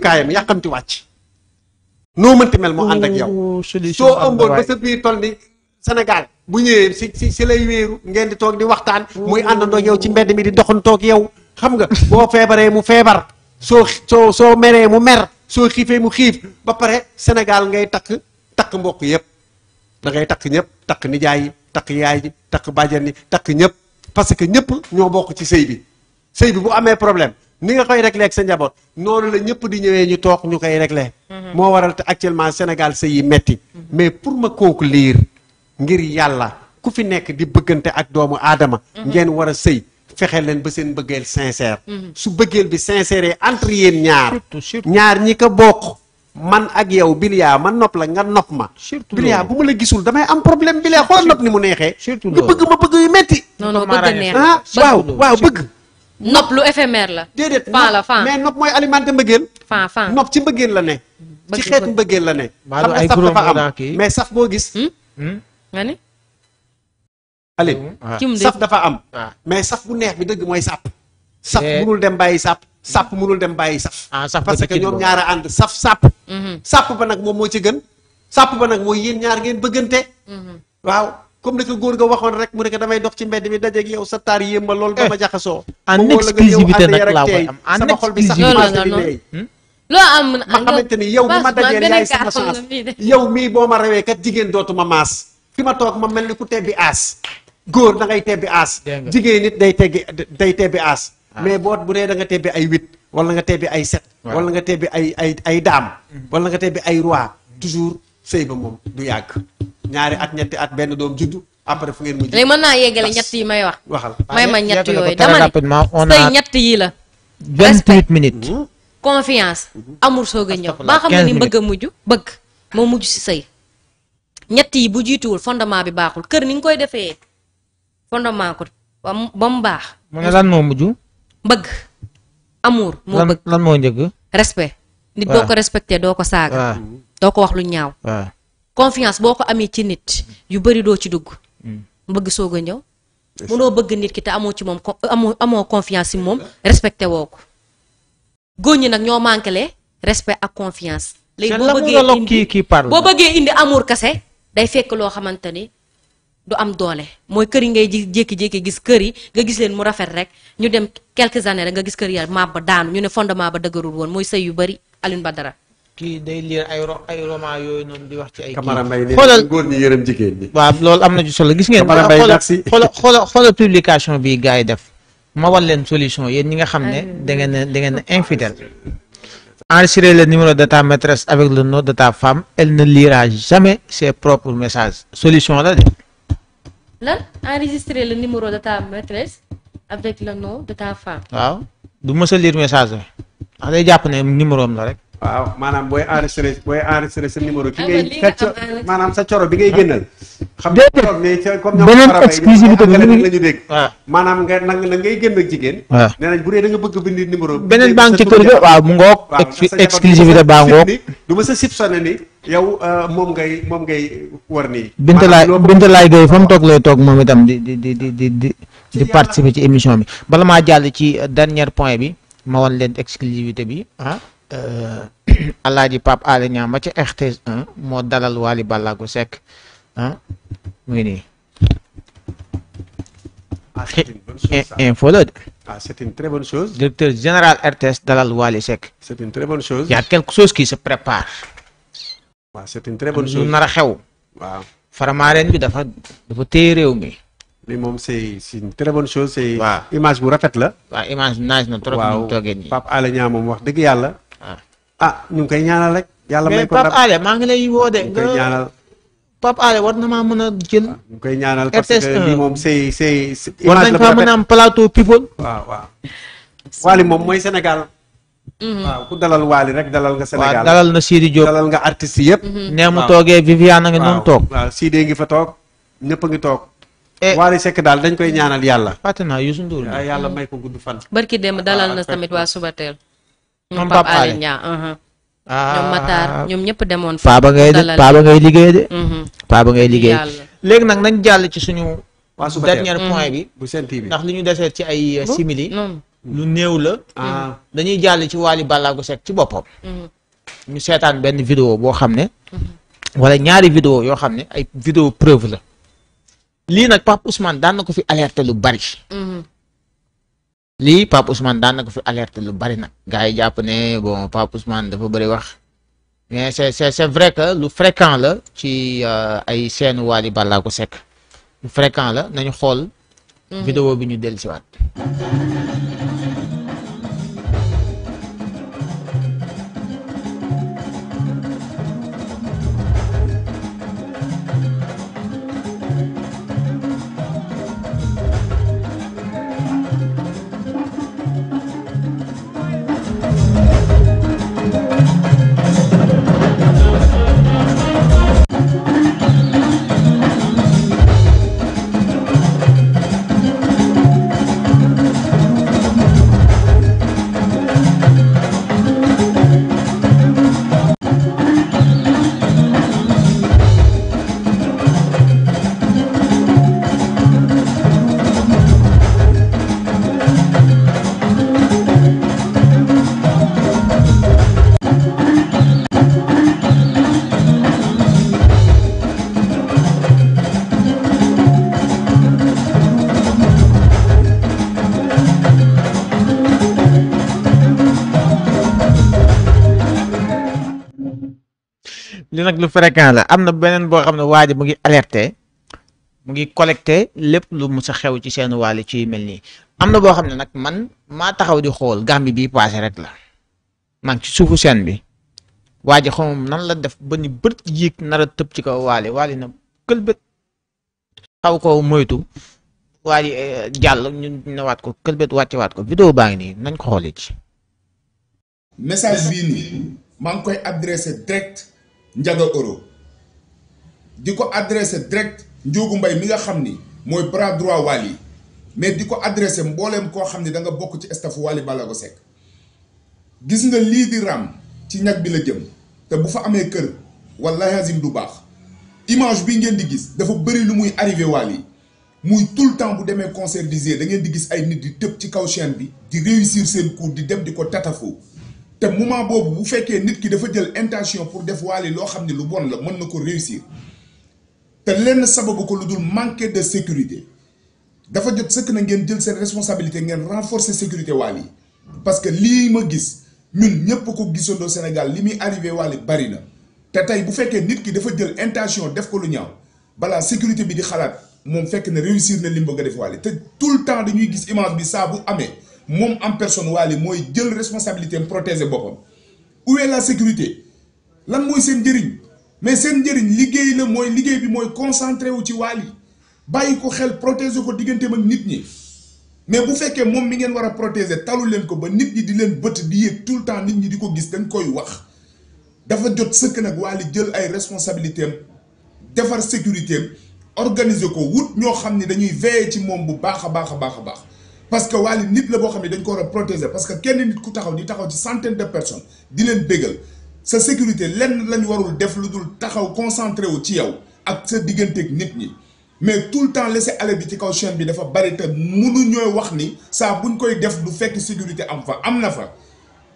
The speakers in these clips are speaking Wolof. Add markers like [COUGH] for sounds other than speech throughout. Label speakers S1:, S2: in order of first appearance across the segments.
S1: kaayam yàqamti wàcc noo mënti mel moo ànd ak yow soo ëmboon ba sa biir toll ni Sénégal bu ñëwee si si si lay wéeru ngeen di toog di waxtaan muy àndandoo yow ci mbedd mi di doxantoo ak yow xam nga boo feebaree mu feebar soo soo soo meree mu mer soo xiifee mu xiif ba pare senegal ngay takk takk mbokk yëpp dangay takk ñëpp takk nijaay yi takk yaay ji takk bàjjen yi takk ñëpp parce que ñëpp ñoo bokk ci sëy bi sëy bi bu amee problème ni nga koy réglé ak sa njaboot noonu la ñëpp di ñëwee ñu toog ñu koy réglé. Mhm. moo waral te actuellement Sénégal sëy yi metti mhm. mais pour ma kooku conclure ngir yàlla ku fi nekk di bëggante ak doomu aadama. Mhm. ngeen war a sëy fexe leen ba seen bëggeel sincère. su bëggeel bi sincère entre yéen ñaar. ñaar ñi ko bokk. man ak yow Bilia man nopp la nga nopp ma.
S2: surtout Bilia
S1: bu ma la gisul damay am problème Bilia xool nopp ni mu neexee. surtout nga bëgg ma
S2: bëgg yu metti non
S1: nopp lu éphémère la. déedéet mais nopp mooy alimenté mbëggeel. fan fan nopp ci mbëggeel la ne. ci xeetu mbëggeel la ne. xam nga saf dafa am mais saf boo gis. Hmm? Hmm? nga ni.
S3: Ali hmm? ah. saf dafa am.
S1: Ah. mais saf bu neex bi dëgg mooy sàpp. saf eh. munul dem bàyyi sàpp. sàpp munul dem bàyyi ah, saf. parce que ñoom ñaar a ànd saf sàpp. sàpp ba nag moom moo ci gën. sàpp ba nag mooy yéen ñaar ngeen bëggante. waaw. comme ni ko góor ga waxoon rek mu ne ko damay dox ci mbedd mi dajeeg yow sa taar yéem ma lool ba ma eh, jaxasoo. en exclusivité nag laa koy am en exclusivité nag hmm? hmm?
S2: loo am ma ah, xamante
S1: ni yow bu ma dajeel yaay sama chance yow mii boo ma rawee kat jigéen dootuma maas fi ma toog ma mel ni ku tebbi aas góor da ngay tebbi aas jigéen nit day teggi day tebbi aas ah. mais boot bu dee da nga tebbi ay huit wala nga tebbi ay sept wala nga tebbi ay ay ay daam hmm. wala nga tebbi ay roi toujours sëy ba moom du yàgg ñaari at ñetti at benn doom juddu après fu ngeen mujj. léegi mën naa yeggale ñett yi may wax. may ma ñett
S2: yooyu dama
S3: ne tey ñett yi la. respect 28 minutes. Hmm?
S2: confiance hmm? amul soog a ñëw baa xam ne ni bëgg a mujj bëgg moo mujj si sëy ñett yi bu jiituwul fondement bi baaxul kër ni nga koy defee fondement ko ba mu baax. mu ne lan moo mujj. bëgg amour. moo bëgg lan moo njëg respect nit boo ah. ko respecté doo ko saaga. Ah. doo ko wax lu ñaaw. Ah. confiance boo ko amee ci nit yu bëri doo ci dugg mm. bëgg soog a ñëw mënoo bëgg nit ki te amoo ci moom amoo amoo confiance ci moom respecté woo ko góor ñi nag ñoo manqué respect ak confiance léegi boo bëggee indi boo bëggee indi amour kase day fekk loo xamante ni du am doole mooy kër yi ngay jékki-jékki gis kër yi nga gis leen mu rafet rek ñu dem quelques années rek nga gis kër ya ba daanu ñu ne fondement ba dëgërul woon mooy sëy yu bëri ba dara kii
S3: day liir ay ro ay roman yooyu noonu di wax ci ay. Camara Mbaye waaw loolu am na ci solo gis ngeen. Camara Mbaye merci xoolal publication bi gars yi def ma war leen solution yéen ñi nga xam ne da ngeen a da ngeen a infidèle. enregistrer le numéro de ta maîtresse avec le no de ta femme elle ne lira jamais ses propres messages solution la de.
S2: lan le numéro de ta maîtresse avec le nom de ta femme.
S3: waaw du mës a lire message bi ndax day jàpp ne numéro la rek. waaw maanaam booy enregistré booy enregistré sa numéro.
S2: ki ngay sa maanaam coro bi
S1: ngay génnal. xam nga coro ne ca comme ñoom. beneen exclusivité bi ñu ngi dégg. waaw maanaam nga nag na ngay génn jigéen. waaw nee bu da nga bëgg bind numéro. beneen baa ngi ci kër ga waaw
S3: mu ngoog. exclusivité baa ngoog.
S1: du ma sa sip sone ni yow moom ngay moom ngay war nii.
S3: Bintalaay Bintalaay Gueye fa mu toog lay toog moom itam di di di di di di ci émission bi bala maa jàll ci dernier point bi ma won leen exclusivité bi ah Euh, [CLEARS THROAT] alaaji Pape Alé Niang ma ci RTS moo dalal Wally Ballago Seck ah muy nii
S1: ah, info la
S3: ah c'est une très bonne général RTS dalal Wally Seck c'est une très y a quelque chose qui se prépare waaw c'est nar a xew waaw faramaareen bi dafa dafa téye réew mi li moom c'est c'est une
S1: image bu rafet la
S3: waaw image nice na trop ñu toogee nii Pape Alé Niang moom wax dëgg yàlla ah ñu ngi koy
S1: ñaanal rek. yàlla may ko Pape Alé
S3: maa ngi lay woo de. ñu koy ñaanal Pape war na maa mën a jël. Ah,
S1: ñu koy ñaanal parce que lii moom c'est c'est. war nañ faa mën a am
S3: plateau people.
S1: waaw moom mooy Sénégal. Mhm. waaw ku dalal Wally rek dalal nga Sénégal. waaw
S3: dalal na Sidi Diop dalal nga artistes yëpp. Mhm. nee mu toogee Viviane a ngi noonu toog.
S1: waaw ngi fa toog ñëpp a ngi toog. Eh. Wally Seck daal dañ koy ñaanal yàlla. fàtte naa Youssou Ndour. yàlla
S2: barki dem dalal na tamit waa Subatel. moom Pape Alé Niang ñoom Matar ñoom ñëpp demoon fa ba ngay pa ba ngay liggéey de
S3: pa ba ngay liggéey léegi nag nañ jàll ci suñu dernier point mm-hmm. bi bu Sen ndax li ñu deseet ci ay euh, simili lu néew la ah. dañuy jàll ci Wally Ballago Seck ci boppam mm-hmm. ñu seetaan benn vidéo boo xam ne
S2: mm-hmm.
S3: wala ñaari vidéo yoo xam ne ay vidéo preuve la lii nag Pape Ousmane daan na ko fi alerté lu bari lii Pape Ousmane daan na ko fi alerte lu bari nag gars yi jàpp ne bon Pape Ousmane dafa bëri wax mais c'est c'est c'est vrai que lu fréquent la ci euh, ay seenu Wally ko Seck lu fréquent la nañu xool mhm. vidéo bi ñu dellusiwaat li nag lu fréquent la am na beneen boo xam ne waa mu ngi alerte mu ngi collecté lépp lu mu sa xew ci seen wàll ci mel nii am na boo xam ne nag man maa taxaw di xool Gàmbi bii paase rek la man ci suufu seen bi waa ji nan la def ba ni bët yéeg nar tëb ci kaw waale waale na këlbët xaw ko moytu waa ji eh, jàll ñu newaat ko këlbët wàccewaat ko vidéo baa ngi nii nañ ko xoolee
S4: message bii nii maa ngi koy adressé direct Ndiaga Euro di ko adressé direct Ndiogou mbay mi nga xam ni mooy bras droit Wally mais di ko adressé mbooleem koo xam ni danga bokk ci staff Wally Ballago Seck gis nga lii di raam ci ñag bi la jëm te bu fa amee kër wallahi azim du baax image bi ngeen di gis dafa bëri lu muy arriver arrivé Wally muy tout le temps bu demee concert di da ngeen di gis ay nit di tëb ci kaw chaîne bi di réussir seen coup di dem di ko tatafu te moment boobu bu fekkee nit ki dafa jël intention pour def waali loo xam ni lu bon la mën na ko réussir te lenn sababu ko lu dul manque de sécurité dafa jot sëkk na ngeen jël seen responsabilité ngeen renforcer sécurité waal yi parce que lii ma gis ñun ñëpp ko gisandoo Sénégal li muy arrivé waali bari na te tey bu fekkee nit ki dafa jël intention def ko lu ñaaw balaa sécurité bi di xalaat moom fekk na réussir ne li mu bëgg def waali te tout le temps dañuy gis image bi saa amee moom en personne Wally mooy jël responsabilité am protéger boppam où est la sécurité lan mooy seen njëriñ mais seen njëriñ liggéey la mooy liggéey bi mooy concentré wu ci Wally bàyyi ko xel protéger ko digganteem ak nit ñi mais bu fekkee moom mi ngeen war a protéger talu leen ko ba nit ñi di leen bët di yéeg tout le temps nit ñi di ko gis dañ koy wax dafa jot sëkk nag Wally jël ay responsabilité defar sécurité am organiser ko wut ñoo xam ni dañuy veiller ci moom bu baax a baax a baax a baax parce que Wally nit la boo xam ne dañ ko war a protéger parce que kenn nit ku taxaw di taxaw ci centaine de personnes di leen bégal sa sécurité lenn lañ warul def lu dul taxaw concentré wu ci yow ak sa digganteeg nit ñi mais tout le temps laisser aller bi ci kaw chaîne bi dafa bari te munu ñooy wax ni saa buñ koy def du fekk sécurité am fa am na fa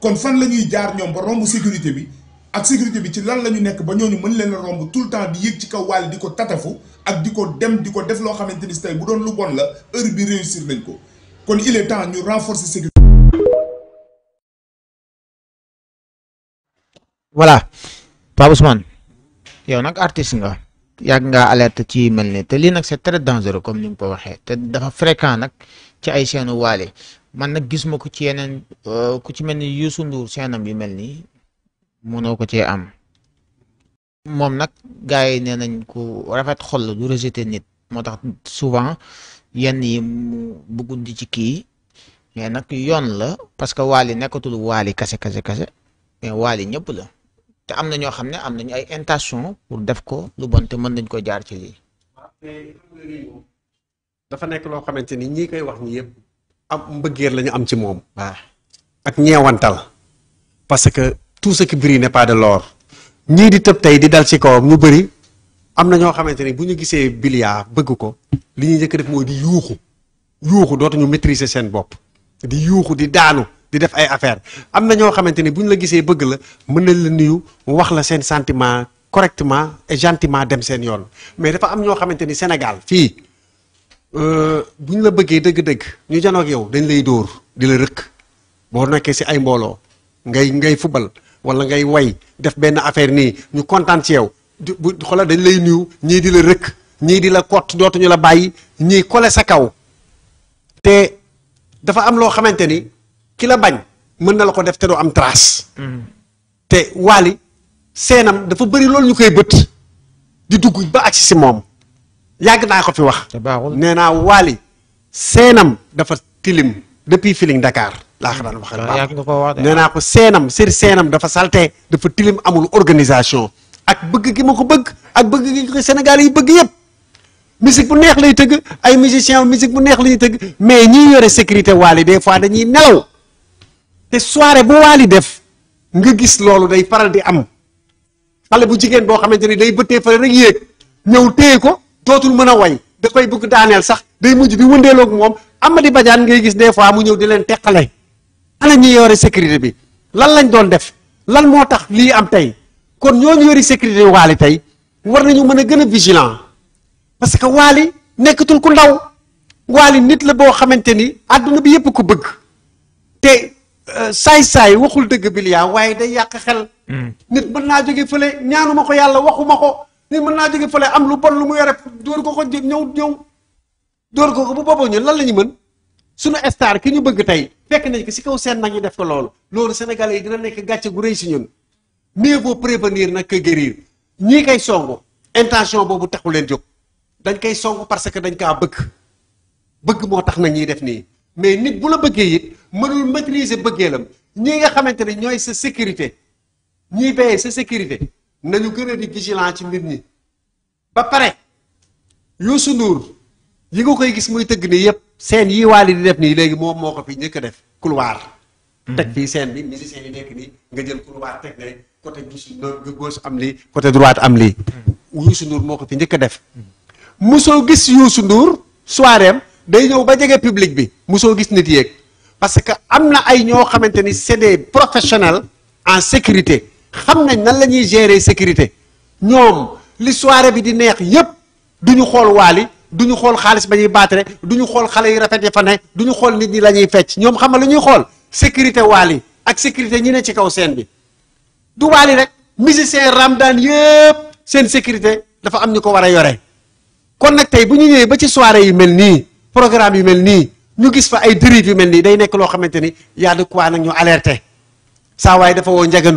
S4: kon fan la ñuy jaar ñoom ba romb sécurité bi ak sécurité bi ci lan la ñu nekk ba ñoo ñooñu mën leen romb tout le temps di ci kaw Wally di ko tatafu ak di ko dem di ko def loo xamante ni tey bu doon lu bon la heure bi réussir nañ ko kon il est
S3: yow nag artiste nga yàgg nga alerte ci mel ni te lii nag c'est très dangereux comme ni nga ko waxee te dafa fréquent nag ci ay seenu waale man nag gis ma ko ci yeneen euh, ku ci mel ni Youssou Ndour seenam yu mel nii mënoo ko cee am moom nag gars yi nee nañ ku rafet xol du rejeter nit moo tax souvent yenn yi mu bëgguñ di ci kii mais nag yoon la parce que waali nekkatul waali kase kase kase mais waali ñëpp la te am na ñoo xam ne am nañu ay intention pour def ko lu bon te mën nañ ko jaar ci lii.
S1: dafa nekk loo xamante ni ñii koy wax ni yëpp am mbëggeel la ñu am ci moom. waaw ak ñeewantal. parce que tout ce qui brille n'est pas de l'or. ñii di tëb tey di dal ci kawam ñu bëri am na ñoo xamante ni bu ñu gisee Bilia bëgg ko. li ñuy njëkk def mooy di yuuxu yuuxu dootuñu maîtriser seen bopp di yuuxu di daanu di def ay affaire am na ñoo xamante ni bu ñu la gisee bëgg la mën nañ la nuyu wax la seen sentiment correctment et gentiment dem seen yoon mais dafa am ñoo xamante ni Sénégal fii euh, bu ñu la bëggee dëgg-dëgg ñu janoog yow dañ lay dóor di la rëkk boo nekkee si ay mbooloo ngay ngay fubal wala ngay way def benn affaire nii ñu kontaan ci yow di dañ lay nuyu ñii di la rëkk. ñii di la kott dootuñu la bàyyi ñii kole sa kaw te dafa am loo xamante ni ki la bañ mën na la ko def te doo am trace. Mm-hmm. te waali seenam dafa bëri loolu ñu koy bët di dugg ba ak si moom yàgg naa ko fi wax. nee naa waali seenam dafa tilim depuis Feeling Dakar. laa ko daan
S3: wax
S1: naa ko seenam sir seenam dafa salte dafa tilim amul organisation. ak bëgg gi ma ko bëgg ak bëgg gi ko Sénégal yi bëgg yëpp musique bu neex lay tëgg ay musicien musique bu neex lañuy tëgg mais ñiy yore sécurité waali des fois dañuy nelaw te soirée bu waali def nga gis loolu day faral di am xale bu jigéen boo xamante ni day bëttee fële rek yéeg ñëw téye ko dootul mën a way da koy bëgg daaneel sax day mujj di wëndeeloog moom Amady Badiane ngay gis des fois mu ñëw di leen teqale ana ñi yore sécurité bi lan lañ doon def lan moo tax lii am tey kon ñooñu yori sécurité waali tey war nañu mën a gën a vigilant parce que waali nekkatul ku ndaw Wally nit la boo xamante ni àdduna bi yëpp ko bëgg te euh, saay-saay waxul dëgg bi waaye day yàq xel. Hmm. nit mën naa jóge fële ñaanuma ko yàlla waxuma ko nit mën naa jóge fële am lu bon lu mu yore dóor ko ko ñëw ñëw dóor ko ko bu booboo ñun lan la ñu mën suñu star ki ñu bëgg tey fekk nañ ko si kaw seen nag ñu def ko loolu loolu Sénégalais yi dina nekk gàcce gu rëy si ñun mieux vaut prévenir nag que guérir ñii kay songu intention boobu taxu leen jóg. dañ koy song parce que dañ kaa bëgg bëgg moo tax na ñuy def nii mais nit bu la bëggee it mënul maîtriser bëggeelam ñii nga xamante ne ñooy sa sécurité ñiy béyee sa sécurité nañu gëna di vigilant ci mbir ñi ba pare Youssou Ndour yi nga koy gis muy tëgg nii yëpp seen yi waali di def nii léegi moom moo ko fi njëkk a def couloir mhm. teg fii seen bi musicien yi nekk nii nga jël couloir teg ne côté gauche am lii côté droite am lii mhm. Youssou Ndour moo ko fi njëkk a def mhm. musoo gis Youssou Ndour soiréem day ñëw ba jege public bi musoo gis nit yéeg parce que am na ay ñoo xamante ni c'est des professionnels en sécurité xam nañ nan la ñuy gérer sécurité ñoom li soirée bi di neex yépp du ñu xool waali du ñu xool xaalis ba ñuy baatare du ñu xool xale yu rafet yi fa ne du ñu xool nit ñi la ñuy fecc ñoom xam na lu ñuy xool sécurité waali ak sécurité ñi ne ci kaw seen bi du waali rek musicien ramdaan yépp seen sécurité dafa am ñu ko war a yore kon nag tey bu ñu ñëwee ba ci soirée yu mel nii programme yu mel nii ñu gis fa ay dérive yu mel nii day nekk loo xamante ni yaa de quoi nag ñu alerter saa waaye dafa woo Ndiaga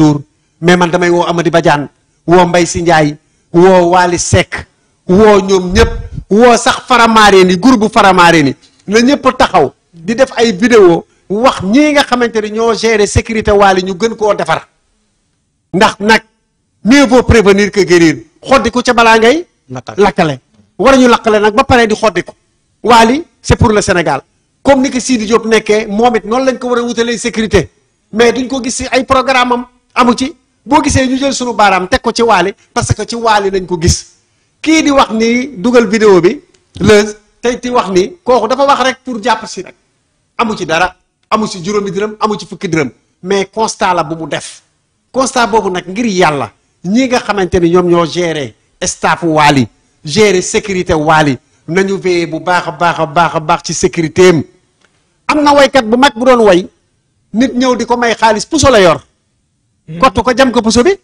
S1: mais man damay woo Amady Badiane woo mbay si Ndiaye woo Waly Seck woo ñoom ñëpp woo sax faramaareen yi groupe faramaareen yi na ñëpp taxaw di def ay vidéo wax ñii nga xamante ni ñoo gérer sécurité Waly ñu gën koo defar ndax nag mieux vaut prévenir que guérir xoddi ko ca balaa ngay lakkale war ñu laqale nag ba pare di xoddi xoddiku Wally c'est pour le Sénégal comme ni sii Sidi Diop nekkee moom it noonu lañ ko war a wutalee sécurité mais duñ ko gis si ay programme am amu ci boo gisee ñu jël sunu baaraam teg ko ci Wally parce que ci Wally lañ ko gis kii di wax ni dugal vidéo bi Leuz tey ti wax ni kooku dafa wax rek pour jàpp si rek amu ci dara amu ci juróomi dërëm amu ci fukki dërëm mais constat la bu mu def constat boobu nag ngir yàlla ñi nga xamante ni ñoom ñoo gérer staff Wally gérer sécurité Wally nañu veillé bu baax a baax a baax a baax ci sécurité am na waykat bu mag bu doon way nit ñëw di ko may xaalis puso la yor. Hmm. kottu ko jam ko puso bi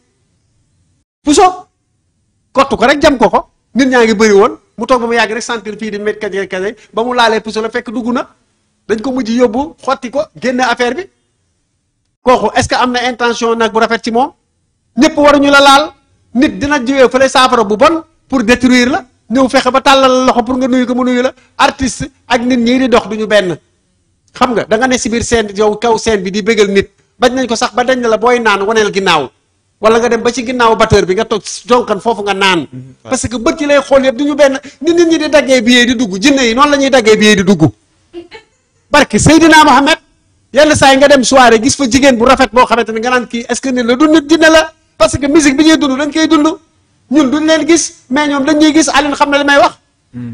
S1: kottu ko rek jam ko ko nit ñaa ngi bëri woon mu toog ba mu yàgg rek sentir fii di métti kañ kañ ba mu laalee puso la fekk dugg na dañ ko mujj yóbbu xotti ko génne affaire bi kooku est-ce que am na intention nag bu rafet ci moom ñëpp waruñu la laal nit dina jiwee fële saafara bu bon. pour détruire la ñëw fexe ba tàllal loxo pour nga nuyu ko mu nuyu la artiste ak nit ñi di dox duñu benn xam nga danga ne si biir seen yow kaw seen bi di bégal nit bañ nañ ko sax ba dañ ne la booy naan waneel ginnaaw wala nga dem ba ci ginnaaw batteur bi nga toog jonkan foofu nga naan mm-hmm. parce que bët yi lay xool yëpp duñu benn nit nit ñi di daggee billet di dugg jinne yi noonu la ñuy daggee billet di dugg barke Seydina Mohamed yenn saa yi nga dem soirée gis fa jigéen bu rafet ne nga naan que nit bi ñuy dund koy dund ñun duñ leen gis mais ñoom dañuy gis Alioune xam na li may wax.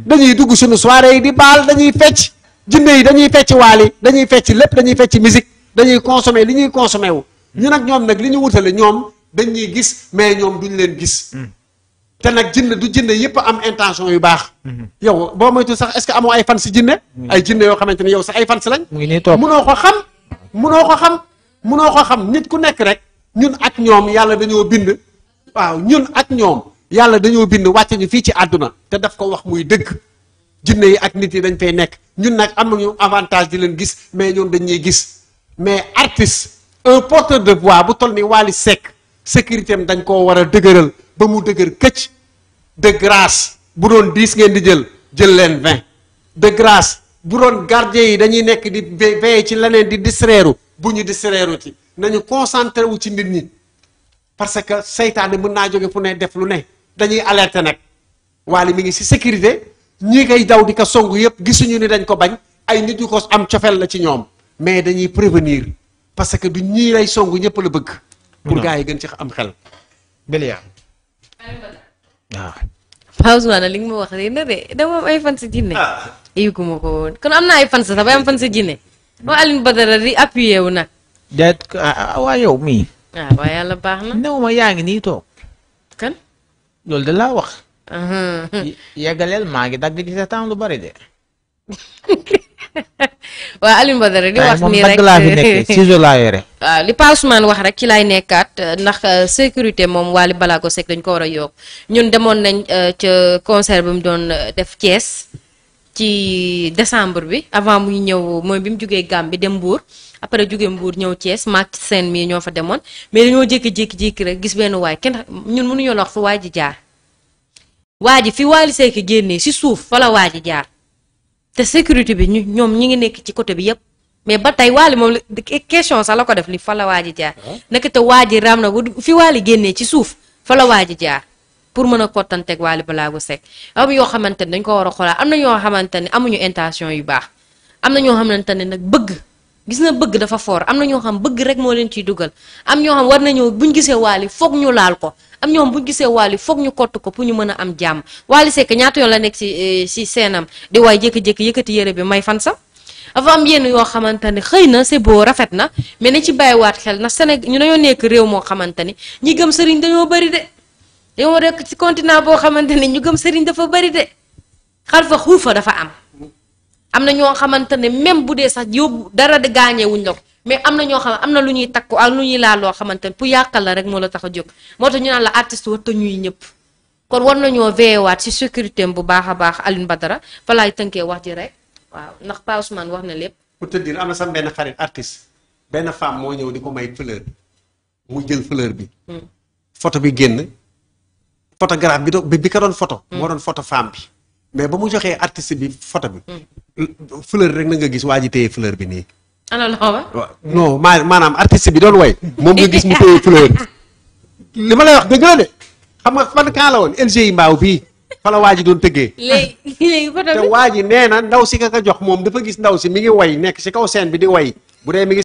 S1: dañuy dugg suñu soirée yi di baal dañuy fecc jinne yi dañuy fecc waali dañuy fecc lépp dañuy fecc musique dañuy consommer li ñuy consommer wu. ñu nag ñoom nag li ñu wutale ñoom dañuy gis mais ñoom duñ leen gis. te nag jinne du jinne yëpp am intention yu baax. yow boo moytu sax est-ce que amoo ay fan si jinne ay jinne yoo xamante ne yow sax ay fan si lañ. munoo ko xam munoo ko xam munoo ko xam nit ku nekk rek ñun ak ñoom yàlla dañoo bind. waaw ñun ak ñoom yàlla dañoo bind wàcce ñu fii ci àdduna te daf ko wax muy dëgg jinne yi ak nit yi dañ fay nekk ñun nag am nañu avantage di leen gis mais ñoom dañuy gis mais artiste un porteur de voix bu toll ni Wally Seck sécurité dañ koo war a dëgëral ba mu dëgër këcc de grâce bu doon dix ngeen di jël jël leen vingt de grâce bu doon gardien yi dañuy nekk di veiller ci leneen di distraire bu ñu distraire ci nañu concentré wu ci nit ñi parce que seytaane mën naa jóge fu ne def lu ne dañuy alerter nag waali mi ngi si sécurité ñii koy daw di ko song yëpp gisuñu ni dañ ko bañ ay nit yu ko am cofeel la ci ñoom mais dañuy prévenir parce que du ñii lay song ñëpp la bëgg. pour gars yi gën ci
S3: am xel. Belia. waaw. Ah.
S2: Paa Ousmane li nga ma wax de na dama am ay fan si jinne. Ah. yëgu ma ko woon kon am naa ay fan sa sax bay am fan sa jinne. waa Alioune Badara di appuyé wu nag.
S3: jaajëf ah, mii.
S2: waaw ah, waa yàlla baax na.
S3: néew ma yaa ngi nii toog. kan. loolu da laa wax. yeggaleel maa ngi dagg ci sa temps lu bari de. [LAUGHS]
S2: waa Alioune Badara di wax nii rek laa [LAUGHS] li Pa Ousmane wax rek ci laay nekkaat ndax euh, sécurité moom Wally Ballago Seck dañ ko war a yokk ñun demoon nañ euh, ca concert bi mu doon euh, def Thiès ci décembre bi avant muy ñëw mooy bi mu jógee Gambie dem Mbour. après jóge Mbour ñëw cees maak seen mii ñoo fa demoon mais dañoo jékki-jékki-jékki rek gis benn waay kenn ñun mënuñoo la wax ji jaar waa ji fi Wally Seck génnee si suuf fa waa ji jaar te sécurité bi ñu ñoom ñi ngi nekk ci côté bi yëpp mais ba tey Wally moom question sax la ko def li fa la waa ji jaar ah. naka te waa ji raam na fi Wally génnee ci suuf fa la waa ji jaar pour mën a kottanteeg Wally Ballago Seck am yoo xamante ne dañ ko war a xoolaa am na ñoo xamante ne amuñu intention yu baax am na ñoo xamante ne nag bëgg gis na bëgg dafa foor am na ñoo xam bëgg rek moo leen ciy dugal am ñoo xam war nañoo ñu gisee Wally foog ñu laal ko am ñoom buñ gisee Wally foog ñu kott ko pour ñu mën a am jàmm Wally Seck ñaata yoon la nekk ci eh, ci seenam di jékki-jékki yëkkati yére bi may fan sax dafa am yoo xamante ne xëy na c'est rafet na mais nañ ci bàyyiwaat xel na Sénégal ñu dañoo nekk réew moo xamante ni ñi gëm sëriñ dañoo bëri de yow rekk ci continent boo xamante ni ñu gëm sëriñ dafa bëri de xalfa xuufa dafa am am na ñoo xamante ne même bu dee sax yóbbu dara de gaañee wuñ la ko mais am na ñoo xam am na lu ñuy takku ak lu ñuy laal loo xamante ne pour yàqal la rek moo la tax a jóg moo tax ñu naan la artiste war te ñuy ñëpp kon war na nañoo veyewaat ci sécurité bu baax a baax Alioune ba dara falaay tënkee wax ji rek waaw ndax Pa Ousmane wax na lépp. pour te dire am na
S1: sax benn xarit artiste benn femme moo ñëw di ko may fleur mu jël fleur bi. Hmm. photo bi génn photographe bi doon bi moo doon photo femme mais ba mu joxee artist bi photo bi. Hmm. fleur rek na nga gis waa ji téye fleur bi nii.
S2: ana loxo
S1: non maa maanaam artist bi doon way moom nga gis mu téye fleur li ma la wax dëgg la de xam nga fan kaa la woon LGI mbaaw bii fa la waa doon tëggee.
S2: léegi te
S1: waa ji nee na ndaw si nga ko jox moom dafa gis ndaw si mi ngi way nekk si kaw scène bi di way bu dee mi ngi.